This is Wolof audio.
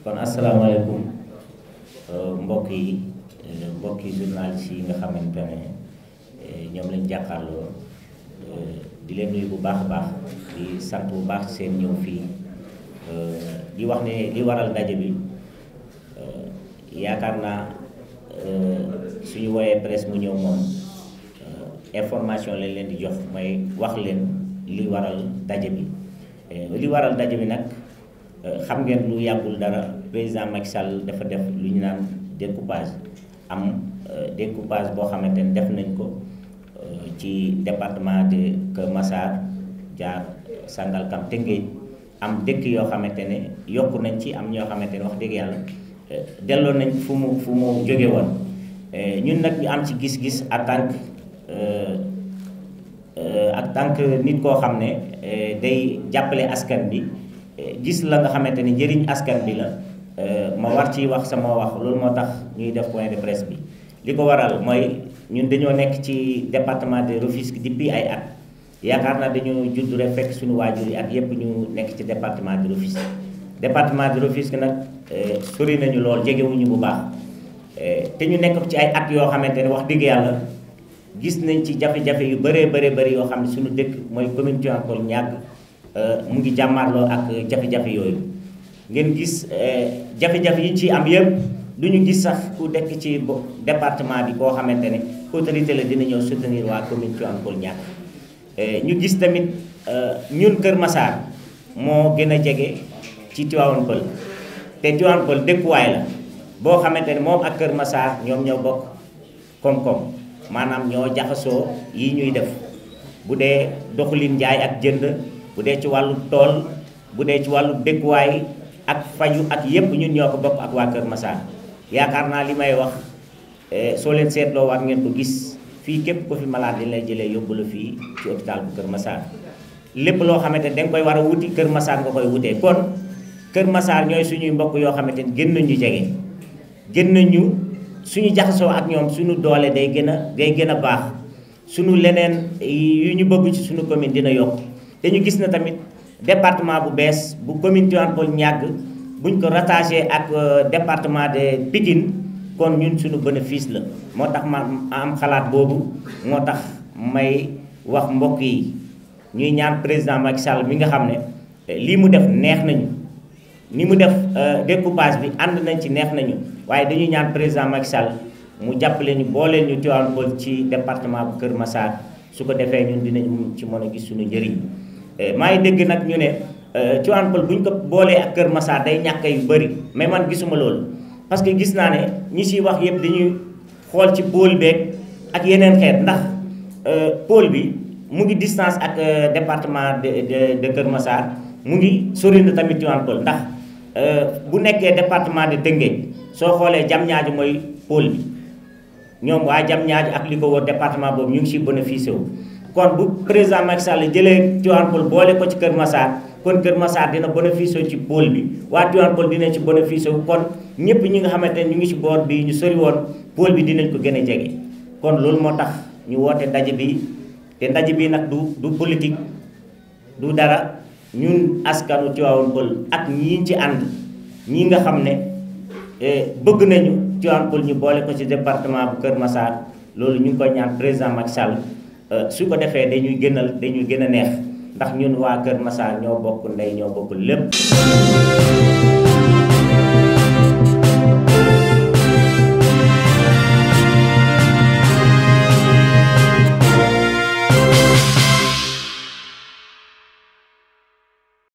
kon asalaamaaleykum euh, mbokk yi euh, mbokk yi journaliste yi nga xamante ne euh, ñoom lañ jàkkaarloo di leen nuyu bu baax a baax di sant bu baax seen ñëw fii di wax ne li waral ndaje bi yaakaar naa suñu woyee presse mu ñëw moom information lañ leen di jox may wax leen li waral daje bi li waral ndaje bi nag xam ngeen lu yàggul dara président Macky Sall dafa def lu ñu naan découpage am euh, découpage boo xamante ne def nañ ko euh, ci département de Kër Massar jaar Sangalkam Tëngéej am dëkk yoo xamante ne yokk nañ ci am ñoo xamante ne wax dëgg yàlla euh, delloo nañ fu mu fu mu jógewoon woon ñun nag ñu am ci gis-gis en tant que en tant que nit koo xam ne day jàppale askan bi gis la nga xamante ne njëriñ askan bi la ma war ci wax sama wax loolu moo tax ñuy def point de presse bi li ko waral mooy ñun dañoo nekk ci département de Rufisque depuis ay at yaakaar naa dañoo judd rek fekk suñu waajur yi at yépp ñu nekk ci département de Rufisque département de Rufisque nag eh, sori nañu lool jegewuñu bu baax eh, te ñu nekk ci ay at yoo xamante ne wax dëgg yàlla gis nañ ci jafe-jafe yu bëree bëree bëri yoo xam ne suñu dëkk mooy commune Tivaouane Peulh Niague eh, mu ngi jàmmarloo ak jafe-jafe yooyu ngeen gis eh, jafe-jafe yi ci am yëpp du ñu gis sax ku dekk ci département bi koo xamante ne autorité la dina ñëw soutenir waa commune Tivaouane Peulh ñàkk eh, ñu gis tamit eh, ñun Kër Massar moo gën a jege ci Tivaouane te Tivaouane Peulh dëkkuwaay la boo xamante ne moom ak Kër Massar ñoom ñëw bokk kom koom maanaam ñoo jaxasoo yi ñuy def bu dee doxalin njaay ak jënd bu dee ci wàllu tool bu dee ci wàllu dëkkuwaay ak faju ak yépp ñun ñoo ko bokk ak waa Kër Massar yaakaar naa li may wax eh, soo leen seetloo war ngeen ko gis fii képp ko fi malade dañ lay jëlee yóbbu la fii ci hôpital bu Kër Massar lépp loo xamante ne danga koy war a wuti Kër Massar nga koy wutee kon Kër masaan ñooy suñuy mbokk yoo xamante ne gën nañu jege gën nañu suñu jaxasoo ak ñoom suñu doole day gën a day gën a baax suñu leneen yu ñu bëgg ci suñu commune dina yokk dañu gis na tamit département bu bees bu commune Tivaouane Peulh ñàgg buñ ko rattaché ak euh, département de Pikine kon ñun suñu bénéfice la moo tax ma am xalaat boobu moo tax may wax mbokk yi ñuy ñaan président Macky Sall mi nga xam ne lii mu def neex nañu ni mu def euh, découpage bi ànd nañ ci neex nañu waaye dañuy ñaan président Macky Sall mu jàpp leen ñu boole ñu Tivaouane Peulh ci département bu Kër Massar su ko defee ñun dinañ ci mën a gis suñu njëriñ Eh, maa ngi dégg nag ñu ne eh, Tivaouane Peulh bu ñu ko boolee ak Kër Massar day ñàkk yu bëri mais man gisuma loolu parce que gis naa ne ñi siy wax yëpp dañuy xool ci pool beeg ak yeneen xeet ndax eh, pôle bi mu ngi distance ak département de de Kër Massar mu ngi sori tamit Tivaouane Peulh ndax bu nekkee département de Tëngéej soo xoolee Diamniadio mooy pool bi ñoom jam Diamniadio ak li ko wër département boobu ñu ngi siy bénéficié wu. kon bu président Macky Sall jëlee Tivaouane Peulh boole ko ci Kër Massar kon Kër Massar dina bénéficier ci pôle bi waa Tivaouane Peulh dina ci bénéficier kon ñëpp ñi nga xamante ne ñu ngi ci boor bi ñu sori woon pôle bi dinañ ko gën a kon loolu moo tax ñu woote ndaje bi te ndaje bi nag du du politique du dara ñun askanu Tivaouane Peulh ñi ci ànd ñi nga xam ne eh, bëgg nañu Tivaouane Peulh ñu boole ko ci département bu Kër Massar loolu ñu ngi koy ñaan président Macky Sall. Euh, su ko defee dañuy gën a dañuy gën a neex ndax ñun waa Kër Massar ñoo bokk ndey ñoo bokk lépp